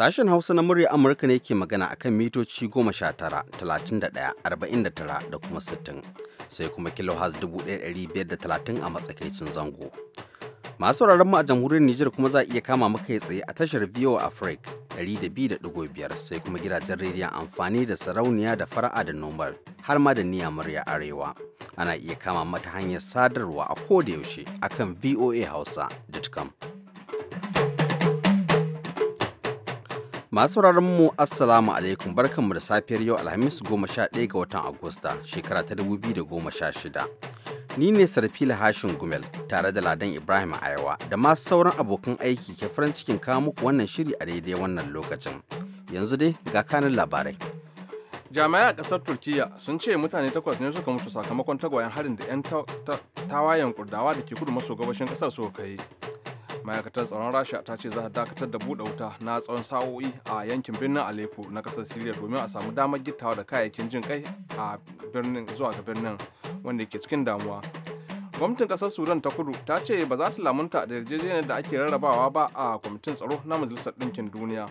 Sashen Hausa na murya Amurka ne ke magana akan mitoci 19 da kuma 60 sai kuma kilohaz 1530 a matsakaicin zango. Masu mu a jamhuriyar Nijar kuma za a iya kama muka tsaye a tashar VOA Africa biyar sai kuma gidajen rediyon amfani da sarauniya da fara'a da nomal har ma da niya murya arewa. Ana iya kama mata hanyar sadarwa a koda yaushe akan voahausa.com. Masu mu Assalamu alaikum mu da safiyar yau Alhamis goma sha 11 ga watan Agusta shekara ta dubu biyu da goma sha shida Ni ne Sarfila Hashin Gumel tare da Ladan Ibrahim Ayawa da masu sauran abokan aiki ke farin cikin kawo muku wannan shiri a daidai wannan lokacin. Yanzu dai ga kanin labarai. Jami'ai a ƙasar Turkiyya sun ce mutane takwas ne suka mutu sakamakon tagwayen harin da 'yan tawayen kurdawa da ke kudu maso gabashin ƙasar suka kai. ma'aikatar tsaron rasha ta ce za ta dakatar da buɗe wuta na tsawon sa'o'i a yankin birnin aleppo na kasar syria domin a samu damar gittawa da kayayyakin jin kai a birnin zuwa ga birnin wanda ke cikin damuwa gwamnatin kasar sudan ta kudu ta ce ba za ta lamunta da yarjejeniyar da ake rarrabawa ba a kwamitin tsaro na majalisar ɗinkin duniya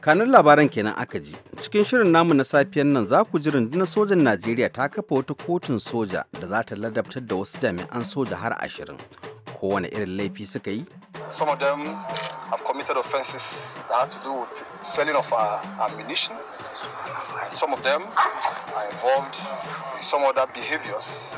kanun labaran kenan aka ji cikin shirin namu na safiyan nan za ku ji rundunar sojan najeriya ta kafa wata kotun soja da za ta ladabtar da wasu jami'an soja har ashirin kowane irin laifi suka yi Some of them have committed offenses that have to do with selling of uh, ammunition. Some of them are involved in some other behaviors.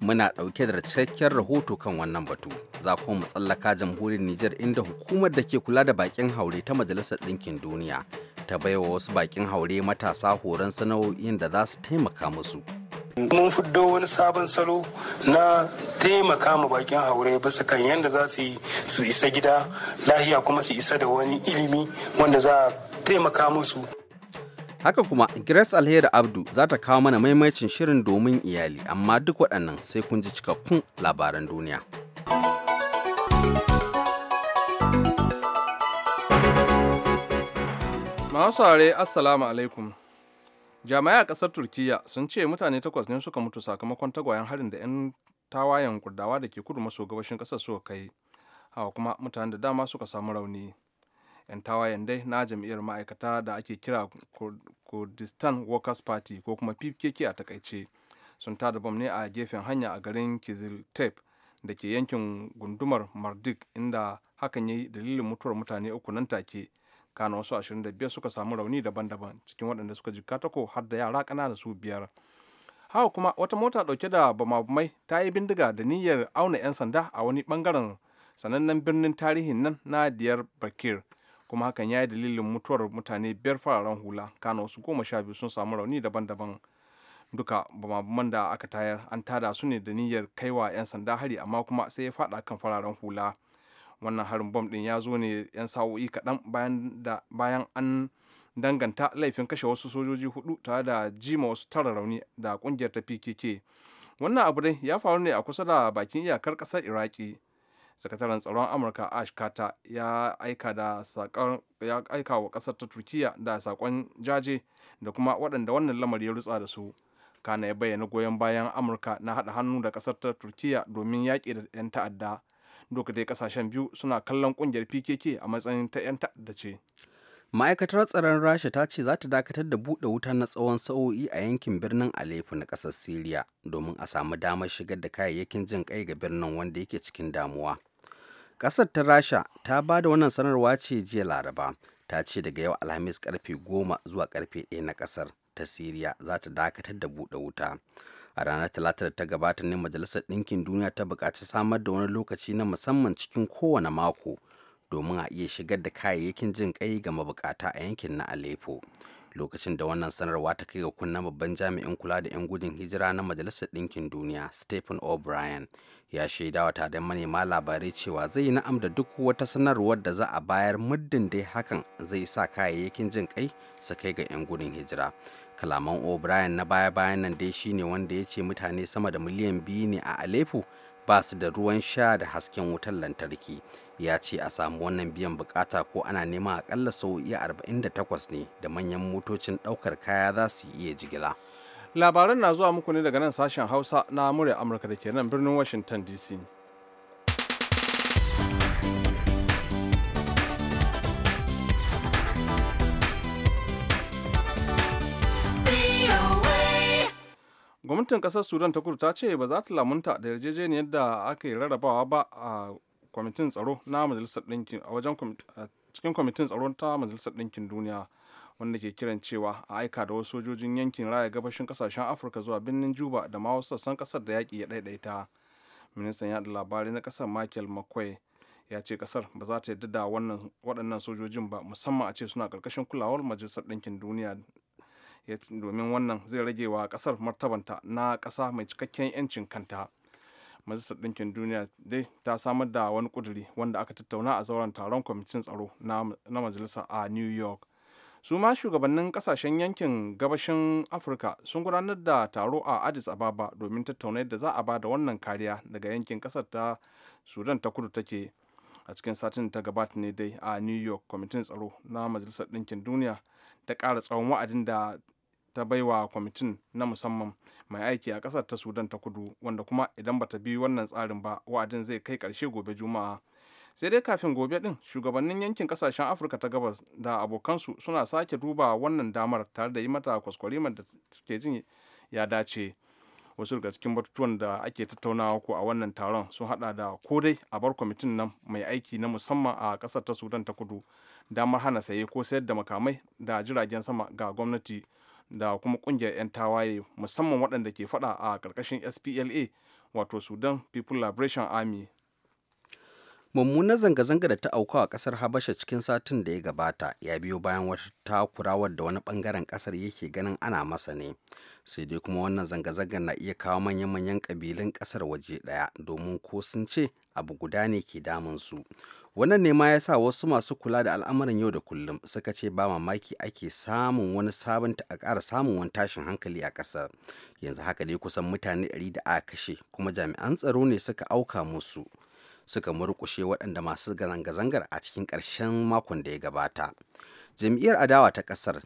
Muna ɗauke da cikakken rahoto kan wannan batu. Za kuma mu tsallaka jamhuriyar Nijar inda hukumar da ke kula da baƙin haure ta Majalisar Ɗinkin Duniya ta baiwa wasu baƙin haure matasa horon sana'o'in da za su taimaka musu. mun fiddo wani sabon salo na taimaka ma bakin haure bisa kan yadda za su isa gida lahiya kuma su isa da wani ilimi wanda za a taimaka musu haka kuma grace alheri abdu za ta kawo mana maimacin shirin domin iyali amma duk waɗannan sai kun ji cikakkun labaran duniya masu assalamu alaikum jami'ai a kasar turkiyya sun ce mutane takwas ne suka mutu sakamakon tagwayen harin da 'yan tawayen kurdawa da ke kudu maso gabashin kasar suka kai hawa kuma mutane da dama suka samu rauni 'yan tawayen dai na jam'iyyar ma'aikata da ake kira kurdistan workers party ko kuma pkk a takaice sun tada bam ne a gefen hanya a garin kizil tape da ke yankin gundumar mardik inda hakan ya yi dalilin mutuwar mutane uku nan take kana wasu 25 suka samu rauni daban-daban cikin waɗanda suka ji ko har da yara ƙanana su biyar hawa kuma wata mota ɗauke da bamabumai ta yi bindiga da niyyar auna 'yan sanda a wani ɓangaren sanannen birnin tarihin nan na diyar bakir kuma hakan ya yi dalilin mutuwar mutane biyar fararen hula kana wasu goma sha biyu sun samu rauni daban-daban duka bamabuman da aka tayar an tada su ne da niyyar kaiwa 'yan sanda hari amma kuma sai ya faɗa kan fararen hula wannan harin bom din ya zo ne 'yan sa'o'i kaɗan bayan an danganta laifin kashe wasu sojoji hudu tare da jima wasu tara rauni da kungiyar ta pkk wannan abu dai ya faru ne a kusa da bakin iyakar ƙasar iraki sakataren tsaron amurka ash kata ya aika da ya aika wa ƙasar ta turkiya da sakon jaje da kuma waɗanda wannan lamari ya rutsa da su kana ya bayyana goyon bayan amurka na haɗa hannu da ƙasar ta turkiya domin yaƙi da 'yan ta'adda duk dai kasashen biyu suna kallon kungiyar pkk a matsayin ta 'yan ta'adda ce ma'aikatar tsaron rasha ta ce za ta dakatar da buɗe wuta na tsawon sa'o'i a yankin birnin aleppo na ƙasar siriya domin a samu damar shigar da kayayyakin jin kai ga birnin wanda yake cikin damuwa ƙasar ta rasha ta ba da wannan sanarwa ce jiya laraba ta ce daga yau alhamis karfe goma zuwa karfe 1 na ƙasar ta siriya za ta dakatar da buɗe wuta a ranar talatar da ta gabata ne majalisar ɗinkin duniya ta buƙaci samar da wani lokaci na musamman cikin kowane mako domin a iya shigar da kayayyakin jin ƙai ga mabukata a yankin na aleppo lokacin da wannan sanarwa ta kai ga kunnen babban jami'in kula da 'yan gudun hijira na majalisar ɗinkin duniya stephen o'brien ya shaidawa tare manema labarai cewa zai yi na'am da duk wata sanarwar da za a bayar muddin dai hakan zai sa kayayyakin jin kai su kai ga 'yan gudun hijira kalaman o'brien na baya-bayan nan dai shine wanda ya ce mutane sama da miliyan biyu ne a aleppo Basu da ruwan sha da hasken wutar lantarki ya ce a samu wannan biyan bukata ko ana nema akalla sau iya 48 ne da manyan motocin daukar kaya za su iya jigila labaran na zuwa muku ne daga nan sashen hausa na murya amurka da ke nan birnin washington dc gwamnatin kasar sudan ta kudu ta ce ba za ta lamunta da yarjejeniyar da aka yi rarrabawa ba a kwamitin tsaro na majalisar ɗinkin a wajen cikin kwamitin tsaro ta majalisar ɗinkin duniya wanda ke kiran cewa a aika da wasu sojojin yankin raya gabashin kasashen afirka zuwa birnin juba da ma wasu sassan kasar da yaƙi ya ɗaiɗaita ministan yaɗa labarai na kasar michael mcquay ya ce kasar ba za ta yarda da waɗannan sojojin ba musamman a ce suna ƙarƙashin kulawar majalisar ɗinkin duniya domin wannan zai rage wa kasar martabanta na kasa mai cikakken 'yancin kanta majalisar ɗinkin duniya dai ta samar da wani kuduri wanda aka tattauna a zauren taron kwamitin tsaro na majalisa a new york su ma shugabannin kasashen yankin gabashin afirka sun gudanar da taro a addis ababa domin tattauna yadda za a ba da wannan kariya daga yankin kasar ta sudan ta kudu take a cikin satin ta gabata ne dai a new york kwamitin tsaro na majalisar ɗinkin duniya ta kara tsawon wa'adin da ta baiwa kwamitin na musamman mai aiki a ƙasar ta sudan ta kudu wanda kuma idan bata bi wannan tsarin ba wa'adin zai kai ƙarshe gobe juma'a sai dai kafin gobe din shugabannin yankin ƙasashen afirka ta gabas da abokansu suna sake duba wannan damar tare da yi mata kwaskwarimar da suke jin ya dace wasu daga cikin batutuwan da ake tattaunawa ko a wannan taron sun hada da ko dai a bar kwamitin nan mai aiki na musamman a kasar ta sudan ta kudu damar hana saye ko sayar da makamai da jiragen sama ga gwamnati da kuma kungiyar 'yan tawaye musamman waɗanda ke fada a ƙarƙashin spla wato sudan people liberation army mummunar zanga-zanga da ta auku a kasar habasha cikin satin da ya gabata ya biyo bayan wata takurawar da wani bangaren kasar yake ganin ana masa ne sai dai kuma wannan zanga-zangar na iya kawo manyan manyan kabilun kasar waje daya domin ko sun ce abu guda ne ke damun su wannan ne ma ya sa wasu masu kula da al'amuran yau da kullum suka ce ba mamaki ake samun wani sabon a ƙara samun wani tashin hankali a ƙasar yanzu haka dai kusan mutane 100 da aka kashe kuma jami'an tsaro ne suka auka musu suka murkushe waɗanda masu zanga-zangar a cikin ƙarshen makon da ya gabata jam'iyyar adawa ta ƙasar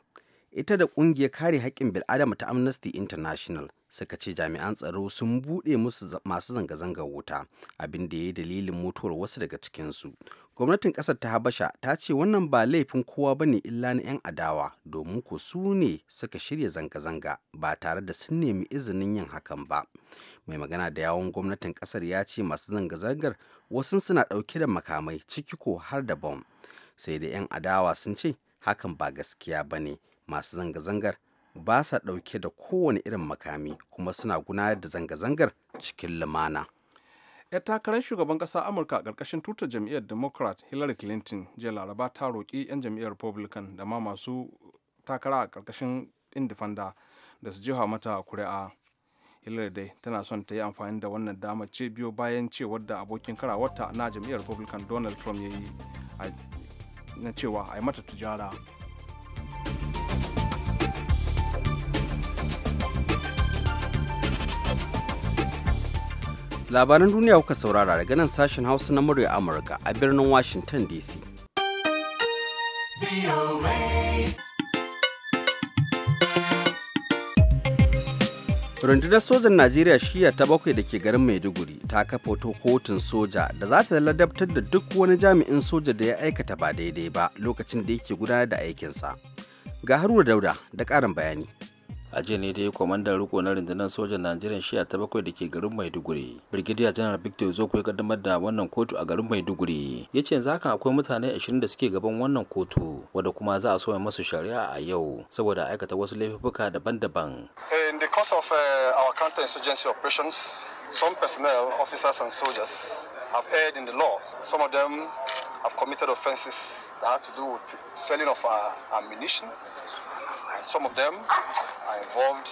ita da ƙungiyar kare haƙƙin bil'adama ta amnesty international suka ce jami'an tsaro sun buɗe musu masu zanga-zangar wuta abin da ya yi dalilin mutuwar wasu daga cikinsu gwamnatin ƙasar ta habasha ta ce wannan ba laifin kowa ba ne illa na 'yan adawa domin ko su ne suka shirya zanga-zanga ba tare da sun nemi izinin yin hakan ba mai magana da yawon gwamnatin ƙasar ya ce masu zanga-zangar wasu suna ɗauke da makamai ciki ko har da bom sai da 'yan adawa sun ce hakan ba gaskiya ba ne masu zanga-zangar ba sa ɗauke da kowane irin makami kuma suna gudanar da zanga-zangar cikin lumana. 'yar takarar shugaban ƙasa amurka a ƙarƙashin tutar jam'iyyar democrat hillary clinton jiya laraba ta roƙi 'yan jam'iyyar republican da ma masu takara a ƙarƙashin indifanda da su jiha mata kuri'a hillary dai tana son ta yi amfani da wannan damar ce biyo bayan cewar da abokin karawarta na jam'iyyar republican donald trump ya yi na cewa a yi mata tujara labaran duniya kuka saurara daga nan sashen hausa na murya amurka a birnin washington dc rundunar sojan najeriya shiya ta bakwai da ke garin maiduguri ta kafa wata kotun soja da za ta ladabtar da duk wani jami'in soja da ya aikata ba daidai ba lokacin da yake gudanar da aikinsa ga haruna dauda da ƙarin bayani a jiya ne dai kwamandan riko na rundunar sojan najeriya shiya ta bakwai da ke garin maiduguri brigadier general victor zoko ya kaddamar da wannan kotu a garin maiduguri ya ce yanzu haka akwai mutane 20 da suke gaban wannan kotu wadda kuma za a soya masu shari'a a yau saboda aikata wasu laifuka daban-daban in the course of uh, our counter-insurgency operations some personnel officers and soldiers have erred in the law some of them have committed offenses that had to do with selling of uh, ammunition. And some of them are involved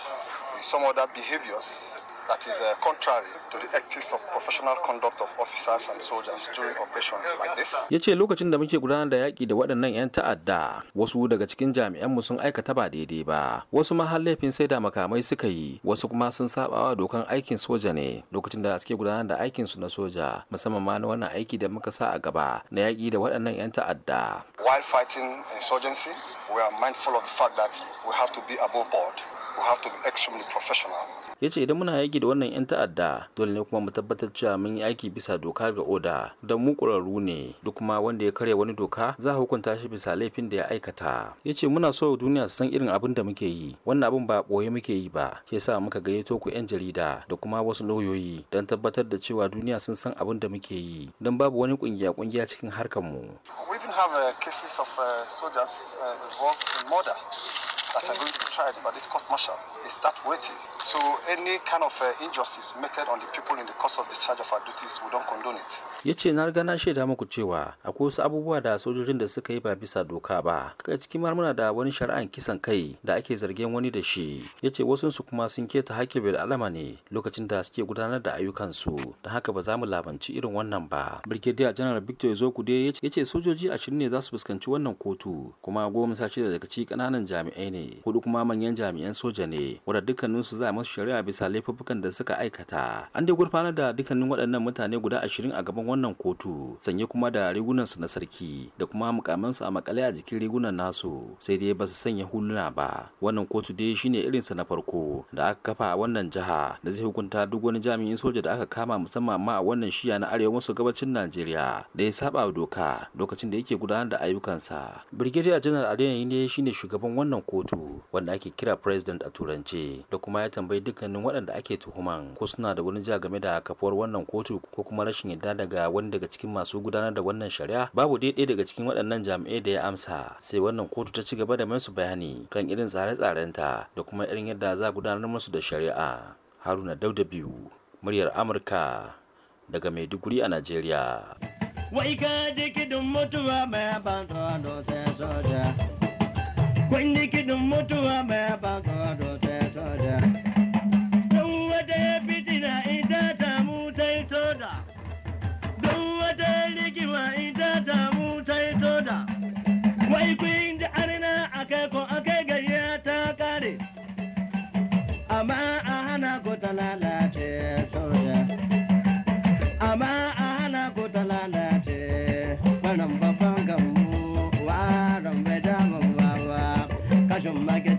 in some other behaviors that is uh, contrary to the ethics of professional conduct of officers and soldiers during operations like this. Ya ce lokacin da muke gudanar da yaƙi da waɗannan 'yan ta'adda wasu daga cikin jami'anmu sun aikata ba daidai ba wasu ma har laifin sai da makamai suka yi wasu kuma sun sabawa dokan aikin soja ne lokacin da suke gudanar da aikin su na soja musamman ma na wannan aiki da muka sa a gaba na yaƙi da waɗannan 'yan ta'adda. While fighting insurgency, we are mindful of the fact that we have to be above board. We have to be extremely professional. Ya ce idan muna aiki da wannan 'yan ta'adda dole ne kuma mu tabbatar cewa mun yi aiki bisa doka ga oda don mu ƙwararru ne duk kuma wanda ya karya wani doka za a hukunta shi bisa laifin da ya aikata. Ya ce muna so duniya su san irin abin da muke yi wannan abin ba ɓoye muke yi ba ke sa muka gayyato ku 'yan jarida da kuma wasu lauyoyi don tabbatar da cewa duniya sun san abin da muke yi don babu wani ƙungiya-ƙungiya cikin harkar mu. We even have uh, cases of uh, soldiers uh, involved in murder. that are going to be tried by this court martial. is that waiting. So any kind of uh, injustice meted on the people in the course of the charge of our duties, we don't condone it. Ya ce na riga na shaida muku cewa akwai wasu abubuwa da sojojin da suka yi ba bisa doka ba. Kaga cikin marmuna da wani shari'an kisan kai da ake zargin wani da shi. Ya ce wasunsu kuma sun keta hakkin bil alama ne lokacin da suke gudanar da su Da haka ba za mu labanci irin wannan ba. Brigadier General Victor Zokude ya ce sojoji ashirin ne za su fuskanci wannan kotu kuma goma sha shida daga ci kananan jami'ai ne. hudu kuma manyan jami'an soja ne dukkanin su za a masu shari'a bisa laifuffukan da suka aikata an dai gurfanar da dukkanin waɗannan mutane guda ashirin a gaban wannan kotu sanye kuma da rigunansu na sarki da kuma su a makale a jikin rigunan nasu sai dai ba su sanya huluna ba wannan kotu dai shine irin su na farko da aka kafa a wannan jiha da zai hukunta duk wani jami'in soja da aka kama musamman ma a wannan shiya na arewa maso gabacin najeriya da ya saba doka lokacin da yake gudanar da ayyukansa brigadier general adeyemi ne shine shugaban wannan kotu kotu wanda ake kira president a turance da kuma ya tambayi dukkanin waɗanda ake tuhuman ko suna da wani ja game da kafuwar wannan kotu ko kuma rashin yadda daga wani daga cikin masu gudanar da wannan shari'a babu daidai daga cikin waɗannan jami'ai da ya amsa sai wannan kotu ta ci gaba da masu bayani kan irin tsare ta da kuma irin yadda za a gudanar musu da shari'a haruna dauda biyu muryar amurka daga maiduguri a najeriya wai ka dikidin mutuwa mai ban sai soja kunni kidin mutuwa mai baka sai soja don wata ya fitina ita ta mu sai soja don wata rigima ita ta mu sai soja wai kun ji arna akai ko akai gayya ta kare amma a hana ko talala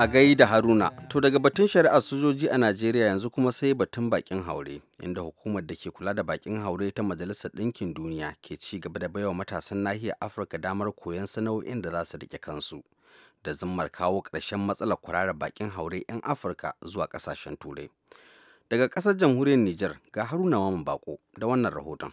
a da haruna to daga batun shari'ar sojoji a najeriya yanzu kuma sai batun bakin haure inda hukumar da ke kula da bakin haure ta majalisar ɗinkin duniya ke ci gaba da baiwa matasan nahiyar afirka damar koyon sana'o'in da za su rike kansu da zimmar kawo ƙarshen matsalar kurara bakin haure 'yan afirka zuwa ƙasashen turai daga ƙasar jamhuriyar niger ga haruna mamun bako da wannan rahoton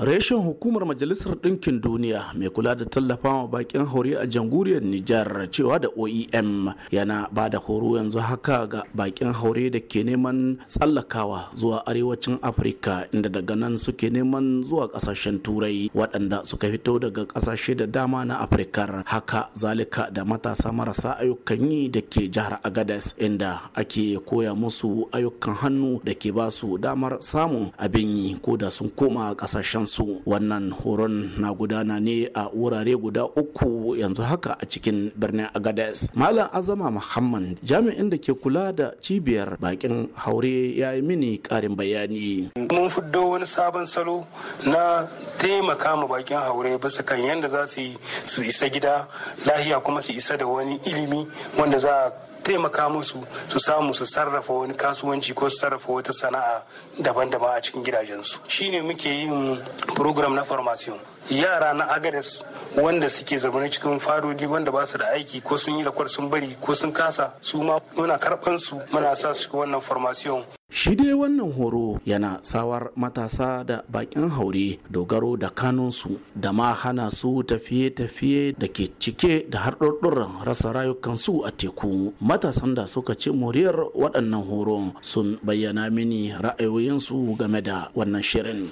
reshen hukumar majalisar ɗinkin duniya mai kula da tallafawa bakin haure a jamhuriyar nijar cewa da oem yana ba da horo yanzu haka ga bakin haure da ke neman tsallakawa zuwa arewacin afirka inda daga nan suke neman zuwa ƙasashen turai waɗanda suka fito daga ƙasashe da dama na afirka haka zalika da matasa marasa ayyukan yi da ke jihar agadas inda ake koya musu ayyukan hannu da ke ba su damar samun abin yi ko da sun koma ƙasashen su wannan horon na gudana ne a wurare guda uku yanzu haka a cikin birnin Agadez. malam azama muhammad jami'in da ke kula da cibiyar bakin haure ya yi mini karin bayani mun fuddo wani sabon salo na taimaka ma bakin haure bisa kan yadda za su isa gida lahiya kuma su isa da wani ilimi wanda za taimaka musu su samu su sarrafa wani kasuwanci ko su sarrafa wata sana'a daban-daban a cikin gidajensu ne muke yin program na formation yara na agares wanda suke zaune cikin farodi wanda ba su da aiki ko sun yi lakwar sun bari ko sun kasa su ma muna karɓan su muna sa su wannan formation Shi dai wannan horo yana sawar matasa da bakin haure dogaro da kanunsu da ma hana su tafiye-tafiye da ke cike da harɗurɗuran rasa rayukansu a teku. Matasan da suka ci moriyar waɗannan horon sun bayyana mini ra'ayoyinsu game da wannan shirin.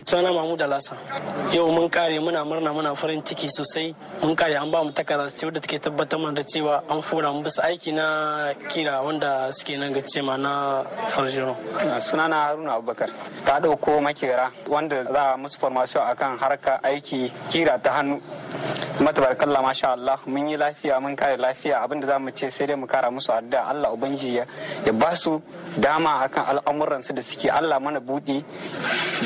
yau mun muna murna muna farin ciki sosai mun kare an ba mu takarda ce wadda take tabbatar mana da cewa an fura mu bisa aiki na kira wanda suke nan ga cema na farjiro sunana haruna abubakar ta dauko makera wanda za a musu formation akan harka aiki kira ta hannu matabarkalla masha Allah mun yi lafiya mun kare lafiya abinda za mu ce sai dai mu kara musu addu'a Allah ubangiji ya ba su dama akan al'amuran su da suke Allah mana buɗe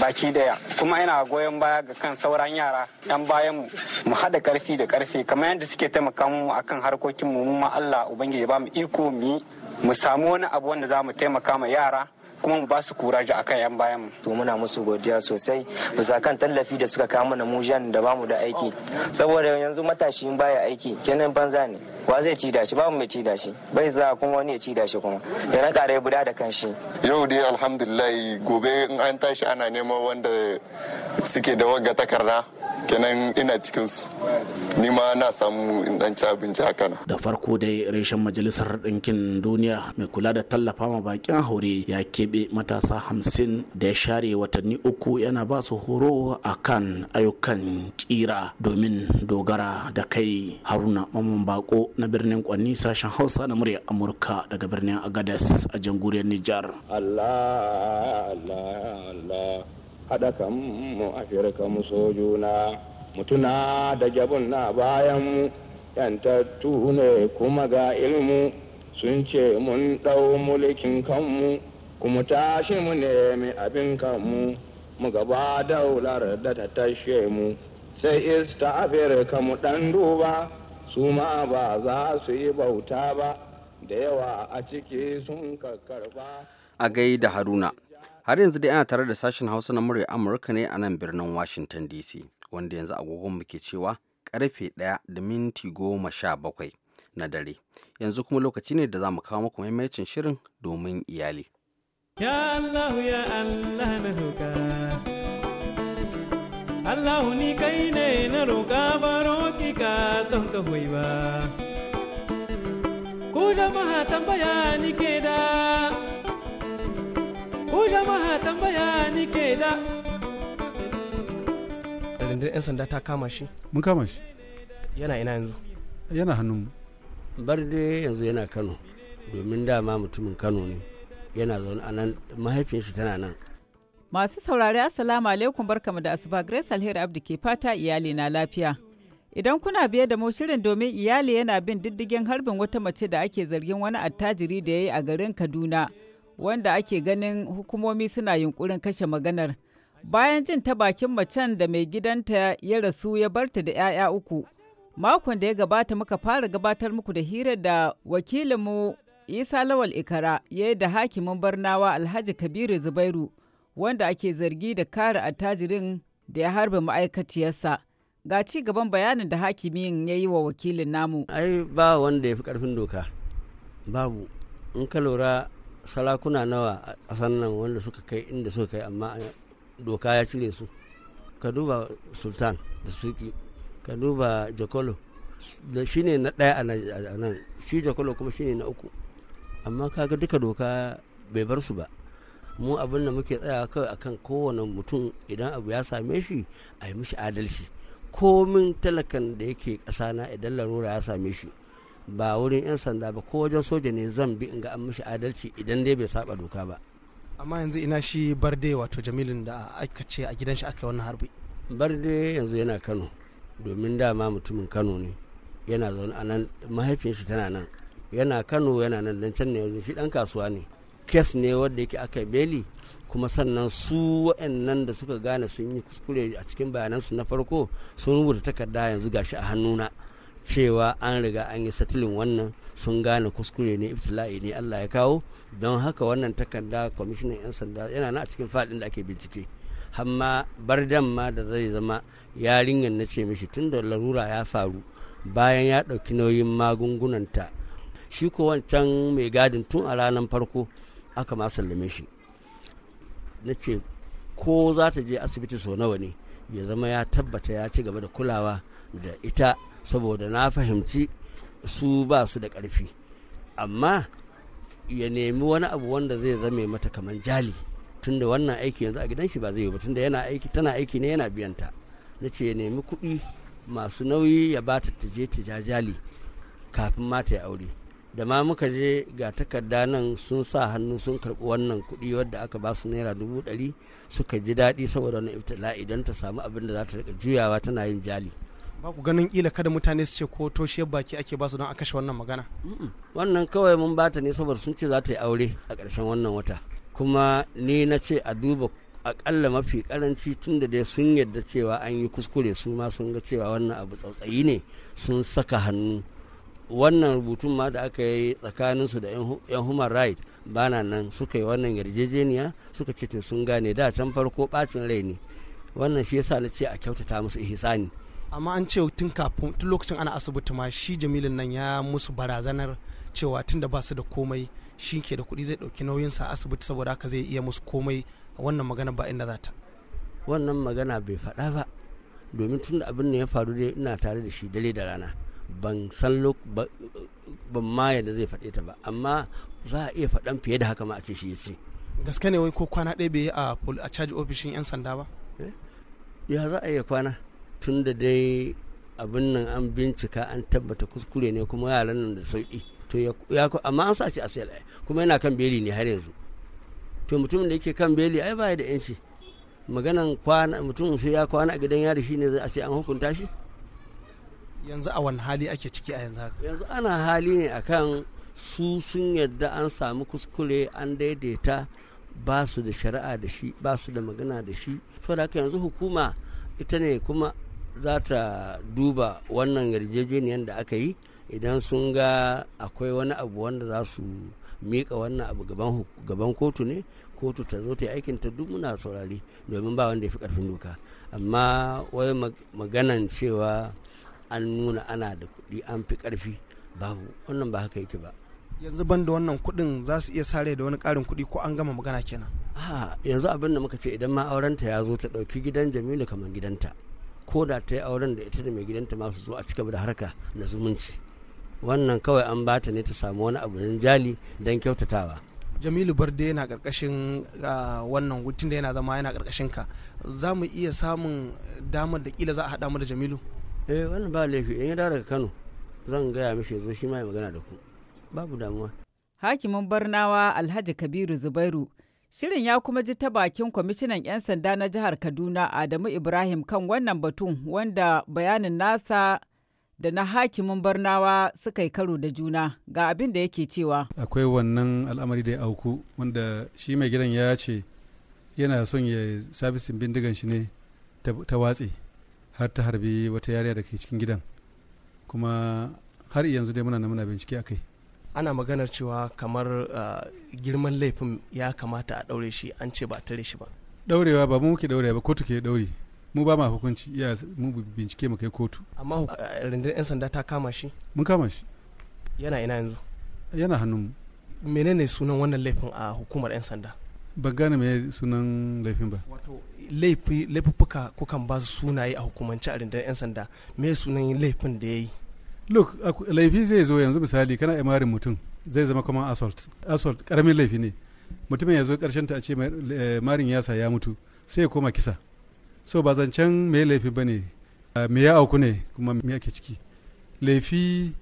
baki daya kuma ina goyon baya ga kan sauran yara yan bayan mu mu hada karfi da karfe kamar yadda suke taimaka mu akan harkokin mu mu ma Allah ubangiji ya ba mu iko mu mu samu wani abu wanda za mu taimaka ma yara kuma mu ba su kuraji akan yan bayan mu to muna musu godiya sosai bisa kan tallafi da suka kawo mana mujan da bamu da aiki saboda yanzu matashi baya aiki kenan banza ne wa zai ci dashi babu mai ci dashi bai za kuma wani ya ci dashi kuma ya na kare buda da kanshi yau dai alhamdulillah gobe in an tashi ana neman wanda suke da wagga takarda kenan ina cikin su ni ma na samu in dan ci abinci haka na da farko dai reshen majalisar ɗinkin duniya mai kula da tallafa ma bakin haure ya keɓe matasa hamsin da ya share watanni uku yana ba su horo akan ayyukan kira domin dogara da kai haruna mamman bako na birnin Kwanni sashen Hausa na murya Amurka daga birnin Agadez a janguriyar Nijar. Allah Allah kan mu Afirka mu sojuna mutuna da jabun na bayan mu yantattu ne kuma ga ilmu sun ce mun ɗau mulkin kanmu kuma tashi mu nemi abin kanmu mu gaba daular da ta tashe mu sai ista afirka mu ɗan duba su ma ba za su yi bauta ba da yawa a ciki sun ba. a gaida haruna har yanzu dai ana tare da sashen hausa na murya amurka ne a nan birnin washington dc wanda yanzu agogon muke cewa karfe ɗaya da minti goma sha bakwai na dare yanzu kuma lokaci ne da za mu kawo muku maimacin shirin domin iyali ya allah ya allah na Allah ni kai ne na roka baro ki ka don ka hoi ba. Ku jama'a tambaya ni ke da, ku jama'a tambaya ni ke da. Da 'yan sanda ta kama shi? Mun kama shi. Yana ina yanzu? Yana hannun mu. Bar Barde yanzu yana Kano, domin dama mutumin Kano ne. Yana zaune a nan mahaifin shi tana nan. Masu saurari Assalamu alaikum barkamu da asuba Grace Alheri Abdi ke fata iyali na lafiya. Idan kuna biye da mu shirin domin iyali yana bin diddigin harbin wata mace da ake zargin wani attajiri da ya yi a garin Kaduna wanda ake ganin hukumomi suna yunkurin kashe maganar. Bayan jin ta bakin macen da mai gidanta ya rasu ya barta da 'ya'ya uku. Makon da ya gabata muka fara gabatar muku da hira da wakilinmu Isa Lawal Ikara ya yi da hakimin Barnawa Alhaji Kabiru Zubairu. wanda ake zargi da kare attajirin da ya harba ma'aikaciyarsa. Ga ci gaban bayanin da hakimin ya yi wa wakilin namu. Ai ba wanda ya fi ƙarfin doka, babu. In ka lura sarakuna nawa a ƙasar nan wanda suka kai inda suka kai amma doka ya cire su. Ka duba Sultan da Suki, ka duba Jakolo, shi ne na ɗaya a nan, shi Jakolo kuma shi ne na uku. Amma kaga duka doka bai bar su ba. mu abin da muke tsaya kawai akan kowane mutum idan abu ya same shi a yi mishi adalci komin talakan da yake ƙasa na idan larura ya same shi ba wurin 'yan sanda ba ko wajen soja ne zan bi in ga an mishi adalci idan dai bai saba doka ba amma yanzu ina shi barde wato jamilin da aka ce a gidan shi aka yi wannan harbi barde yanzu yana kano domin dama mutumin kano ne yana zaune a nan mahaifin shi tana nan yana kano yana nan dan can ne yanzu shi dan kasuwa ne kes ne wanda yake aka beli kuma sannan su waɗannan da suka gane sun yi kuskure a cikin bayanansu na farko sun rubuta takarda yanzu ga shi a hannuna cewa an riga an yi satilin wannan sun gane kuskure ne ibtila'i ne Allah ya kawo don haka wannan takarda kwamishinan 'yan sanda yana na a cikin faɗin da ake bincike amma bardan ma da zai zama yarinyar na ce mishi tun da larura ya faru bayan ya ɗauki nauyin magungunanta shi ko wancan mai gadin tun a ranar farko aka ma sallame shi na ce ko za ta je asibiti sau nawa ne ya zama ya tabbata ya ci gaba da kulawa da ita saboda na fahimci su ba su da ƙarfi amma ya nemi wani abu wanda zai zame mata kamar jali tunda wannan aiki yanzu a gidan shi ba zai yi ba tunda yana aiki tana aiki ne yana biyan ta na ce ya nemi kuɗi masu nauyi ya ba ta je ta ja jali kafin mata ya aure da ma muka je ga takarda nan sun sa hannu sun karɓi wannan kuɗi wadda aka ba su naira dubu ɗari suka ji daɗi saboda wannan iftila idan ta samu abin da za ta rika juyawa tana yin jali ba ku ganin kila kada mutane su ce ko toshiyar baki ake ba su don a kashe wannan magana wannan kawai mun bata ne saboda sun ce za ta yi aure a ƙarshen wannan wata kuma ni na ce a duba akalla mafi karanci tun da dai sun yadda cewa an yi kuskure su ma sun ga cewa wannan abu tsautsayi ne sun saka hannu wannan rubutun ma da aka yi tsakanin su da 'yan human right bana nan suka yi wannan yarjejeniya suka ce sun gane da can farko bacin rai ne wannan shi yasa na ce a kyautata musu ihsani amma an ce tun kafin tun lokacin ana asibiti ma shi jamilin nan ya musu barazanar cewa tun da ba da komai shi ke da kuɗi zai ɗauki nauyinsa asibiti saboda haka zai iya musu komai a wannan magana ba inda za ta wannan magana bai faɗa ba domin tun da abin da ya faru dai ina tare da shi dare da rana ban san ban ma yadda zai faɗe ta ba amma za a iya faɗan fiye da haka ma a ce shi ce gaske ne wai ko kwana ɗaya bai a a caji ofishin 'yan sanda ba eh? ya za a iya kwana tun da dai abin nan an bincika an tabbata kuskure ne kuma yaran nan da sauki to ya amma an sa shi a sayar kuma yana kan beli ne har yanzu to mutumin da yake kan beli ai baya da yanci maganan kwana mutum sai ya kwana a gidan yari shine zai a ce an hukunta shi yanzu a wani hali ake ciki a yanzu haka yanzu ana hali ne akan su sun yadda an samu kuskure an daidaita ba su da shari'a da shi ba su da magana da shi saboda haka yanzu hukuma ita ne kuma za ta duba wannan yarjejeniyar da aka yi idan sun ga akwai wani abu wanda za su miƙa wannan abu gaban kotu ne kotu ta zo ta yi aikin ta duk muna saurari domin ba wanda ya fi ƙarfin doka amma wai maganan cewa an nuna ana da kuɗi an fi ƙarfi babu wannan ba haka yake ba yanzu ban da wannan kuɗin za su iya sare da wani ƙarin kuɗi ko an gama magana kenan a yanzu abin da muka ce idan ma auren ta ya zo ta ɗauki gidan jamilu kamar gidanta ko da ta yi auren da ita da mai gidanta masu zo a cika da harka na zumunci wannan kawai an bata ne ta samu wani abu jali don kyautatawa jamilu barde yana karkashin wannan hutun da yana zama yana karkashin ka za mu iya samun damar da kila za a haɗa mu da jamilu eh wannan ba laifi in ya dawo daga kano zan gaya mishi zo shi ma ya magana da ku babu damuwa hakimin barnawa alhaji kabiru zubairu shirin ya kuma ji ta bakin kwamishinan 'yan sanda na jihar kaduna adamu ibrahim kan wannan batun wanda bayanin nasa da na hakimin barnawa suka yi karo da juna ga abin da yake cewa akwai wannan al'amari da ya auku wanda shi mai gidan ya ce yana son ya sabisin bindigan shi ne ta watse har ta harbi wata yariya da ke cikin gidan kuma har yanzu dai muna na muna bincike a kai ana maganar cewa kamar uh, girman laifin ya kamata a daure shi an ce ba tare shi ba daurewa ba mu muke daure ba kotu ke daure mu ba ma hukunci iya mu bincike mu kai kotu amma uh, rundunar yan sanda ta kama shi mun kama shi yana ina yanzu yana hannun menene sunan wannan laifin a hukumar yan sanda ba gane mai sunan laifin ba wato laifuka kukan ba su sunaye a hukumance a rindar 'yan sanda me sunan laifin da ya yi look laifi zai zo yanzu misali kana imarin mutum zai zama kuma assault assault karamin laifi ne mutumin ya zo karshen ta a ce eh, marin yasa ya mutu sai ya koma kisa so ba zancen mai laifi ba ne me ya auku ne kuma me ake ciki laifi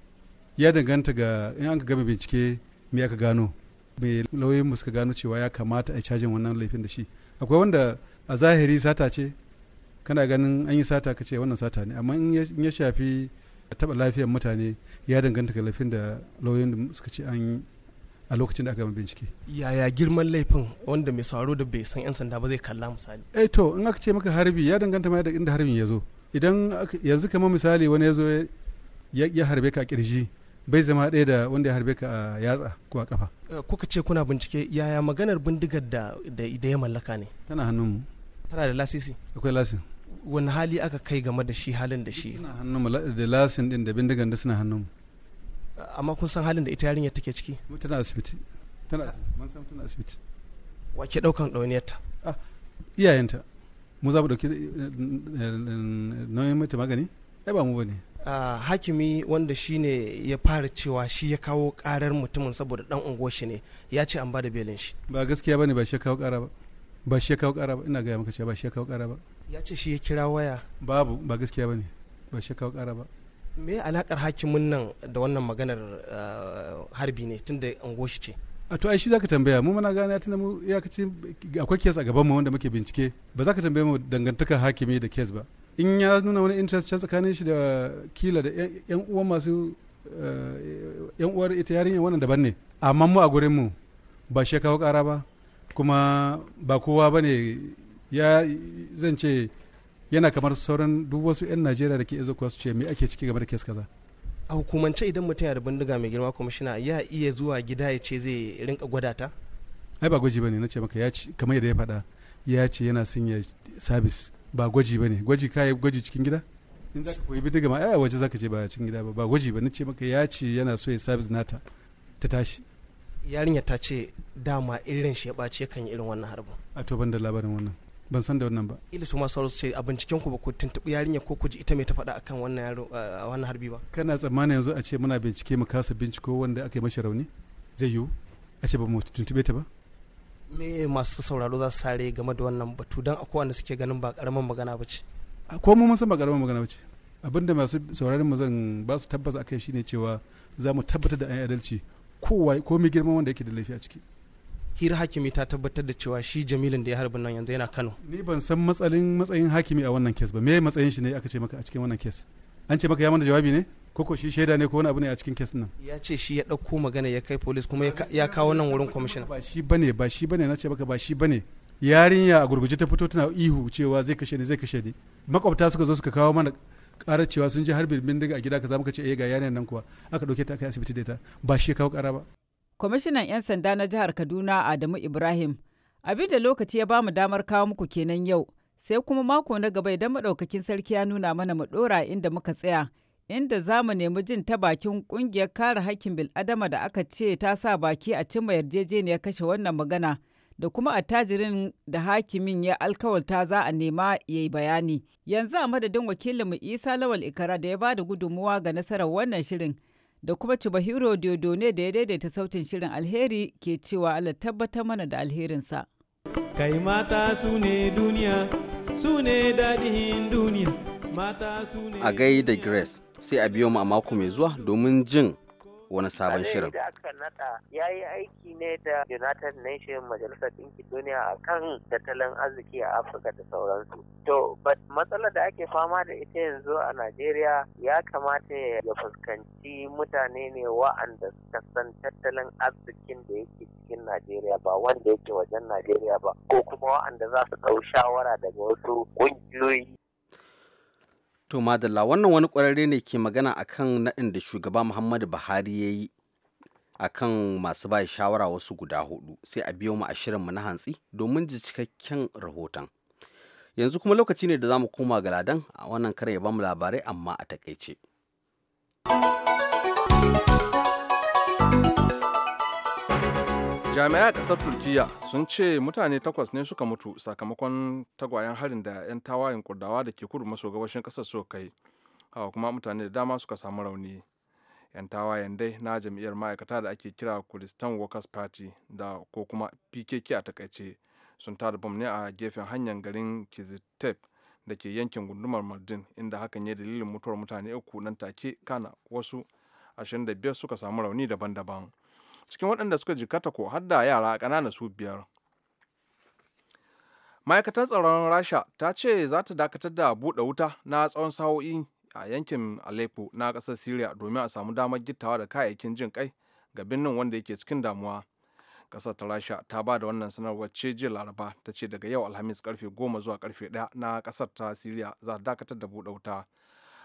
ya danganta ga in an ka gama bincike me aka gano mai lauyoyin mu suka gano cewa ya kamata a yi cajin wannan laifin da shi akwai wanda a zahiri sata ce kana ganin an yi sata ka ce wannan sata ne amma in ya shafi taɓa lafiyar mutane ya danganta ga laifin da lauyoyin da suka ce an yi a lokacin da aka gama bincike. Yaya girman laifin wanda mai sauraro da bai san 'yan sanda ba zai kalla misali? Eh to in aka ce maka harbi ya danganta ma da inda harbin ya zo. Idan yanzu kamar misali wani ya zo ya harbe ka kirji bai zama ɗaya da wanda ya harbe ka a yatsa ko a kafa eh, kuka ce kuna bincike yaya maganar bindigar da da ya mallaka ne tana hannun mu tana da lasisi akwai lasin wani hali aka kai game da shi halin da shi Tana hannun mu da lasin din da bindigar da suna hannun mu eh, amma kun san halin da ita yarinyar take ciki tana asibiti tana mun san tana asibiti wa ke daukan dauniyarta ah, iyayenta mu za mu dauki eh, nauyin mata magani ai ba mu bane hakimi wanda shi ne ya fara cewa shi ya kawo karar mutumin saboda dan unguwar shi ne ya ce an ba da belin shi ba gaskiya bane ba shi ya kawo kara ba ba shi ya kawo kara ba ina gaya maka cewa ba shi ya kawo kara ba ya ce shi ya kira waya babu ba gaskiya bane ba shi ya kawo kara ba me alakar hakimin nan da wannan maganar harbi ne tunda unguwar shi ce a to ai shi zaka tambaya mu muna gane tunda mu ya kace akwai kes a gaban mu wanda muke bincike ba za ka tambaye mu dangantakar hakimi da kes ba in ya nuna wani interest can tsakanin shi da kila da yan uwa masu yan eh, uwar ita yarinya wannan daban ne amma mu a gurin mu ba shi kawo kara ba kuma ba kowa ba ne ya zan ce yana kamar sauran duk wasu 'yan najeriya da ke izo kuwa su ce me ake ciki game da kes kaza a hukumance idan mutum ya da bindiga mai girma kwamishina ya iya zuwa gida ya ce zai rinka gwada ta ai ba gwaji ba ne na ce maka ya ce kamar yadda ya faɗa ya ce yana son ya sabis ba gwaji ba ne gwaji ka yi gwaji cikin gida in za ka koyi bindiga ma ai waje za ka je ba cikin gida ba ba gwaji ba ce maka ya ce yana so ya sabis nata ta tashi yarinya ta ce dama irin shi ya ɓaci yakan yi irin wannan harbin a to ban da labarin wannan ban san da wannan ba ila su masu ce a binciken ku ba ku tuntuɓi yarinya ko ku ji ita mai ta faɗa akan wannan yaro a wannan harbi ba kana tsammanin yanzu a ce muna bincike mu kasa binciko wanda aka yi mashi rauni zai yiwu a ce ba mu tuntuɓe ta ba me masu sauraro za su sare game da wannan batu don akwai wanda suke ganin ba karamin magana ba ce ko mu san ba karamin magana ba ce abinda masu sauraron mu zan ba su tabbata akai shine cewa za mu tabbatar da an adalci kowa ko mai girman wanda yake da laifi a ciki hira hakimi ta tabbatar da cewa shi jamilin da ya harbin nan yanzu yana kano ni ban san matsalin matsayin hakimi a wannan kes ba me matsayin shi ne aka ce maka a cikin wannan kes an ce maka ya mana jawabi ne koko shi shaida ne ko wani abu ne a cikin kes nan ya ce shi ya ɗauko magana ya kai polis kuma ya kawo nan wurin kwamishina ba shi bane ba shi bane na ce baka ba shi bane yarinya a gurguje ta fito tana ihu cewa zai kashe ni zai kashe ni makwabta suka zo suka kawo mana ƙarar cewa sun ji harbin bindiga a gida kaza muka ce eh ga yarinyar nan kuwa aka ɗauke ta kai asibiti da ita ba shi ya kawo ƙara ba kwamishinan 'yan sanda na jihar kaduna adamu ibrahim abin da lokaci ya bamu damar kawo muku kenan yau sai kuma mako na gaba idan madaukakin sarki ya nuna mana mu ɗora inda muka tsaya inda za mu nemi jin ta bakin kungiyar kare hakkin bil'adama da aka ce ta sa baki a cimma yarjejeniyar kashe wannan magana da kuma attajirin da hakimin ya alkawalta za a nema ya yi bayani. Yanzu a madadin wakilinmu Isa Lawal Ikara da ya ba da gudunmuwa ga nasarar wannan shirin da kuma Cibahiro Diodone da ya daidaita sautin shirin alheri ke cewa Allah tabbatar mana da alherinsa. Kai mata su ne duniya su ne daɗin duniya mata su ne a gai da grace sai a biyo mu a mako mai zuwa domin jin wani sabon shirin. da aka nada ya yi aiki ne da United Nations Majalisar Ɗinkin Duniya a kan tattalin arziki a Afirka da sauransu. To, but matsala da ake fama da ita yanzu a Najeriya ya kamata ya fuskanci mutane ne wa'anda suka san tattalin arzikin da yake cikin Najeriya ba wanda yake wajen Najeriya ba ko kuma wa'anda za su ɗau shawara daga wasu ƙungiyoyi To madalla wannan wani ƙwararre ne ke magana a kan naɗin da shugaba Muhammadu Buhari ya yi a kan masu ba shawara wasu guda hudu sai a biyo mu a shirin mu na hantsi domin ji cikakken rahoton. Yanzu kuma lokaci ne da za mu koma ga ladan a wannan kare ya bamu labarai amma a takaice. jami'ai a ƙasar turkiya sun ce mutane takwas ne suka mutu sakamakon tagwayen harin da 'yan tawayen kurdawa da ke kudu maso gabashin ƙasar suka kai hawa kuma mutane da dama suka samu rauni 'yan tawayen dai na jam'iyyar ma'aikata da ake kira kuristan workers party da ko kuma pkk a takaice sun tada bom ne a gefen hanyar garin kizitep da ke yankin gundumar mardin inda hakan ya dalilin mutuwar mutane uku nan take kana wasu 25 suka samu rauni daban-daban cikin waɗanda suka jikkata ko har da yara ƙanana su biyar ma'aikatar tsaron rasha ta ce za ta dakatar da buɗe wuta na tsawon sa'o'i a yankin aleppo na ƙasar syria domin a samu damar gittawa da kayayyakin jin kai ga birnin wanda yake cikin damuwa ƙasar ta rasha ta ba da wannan sanarwar ce jiya laraba ta ce daga yau alhamis karfe goma zuwa karfe ɗaya na ƙasar ta syria za ta dakatar da buɗe wuta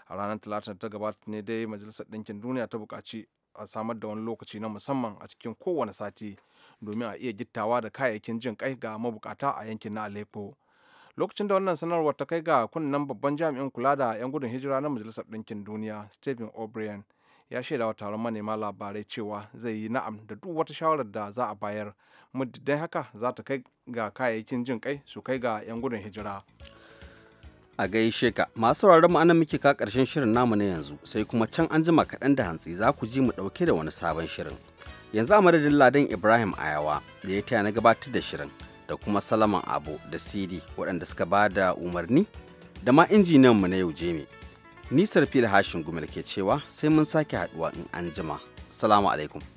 a ranar talata ta gabata ne dai majalisar ɗinkin duniya ta buƙaci a samar da wani lokaci na musamman a cikin kowane sati domin a iya gittawa da kayayyakin jin kai ga mabukata a yankin na Aleppo. Lokacin da wannan sanarwar ta kai ga kunnen babban jami'in kula da 'yan gudun hijira na Majalisar Ɗinkin Duniya, Stephen O'Brien, ya shaidawa taron manema labarai cewa zai yi na'am da duk wata shawarar da za a bayar muddin haka za ta kai ga kayayyakin jin kai su kai ga 'yan gudun hijira. a gaishe ka masu sauraron mu anan muke ka karshen shirin namu na yanzu sai kuma can an jima kaɗan da hantsi za ku ji mu ɗauke da wani sabon shirin yanzu a madadin ladan ibrahim ayawa da ya taya na gabatar da shirin da kuma salaman abu da cd waɗanda suka ba da umarni da ma injiniyan mu na yau jemi nisar fil hashin gumel ke cewa sai mun sake haɗuwa in an jima salamu alaikum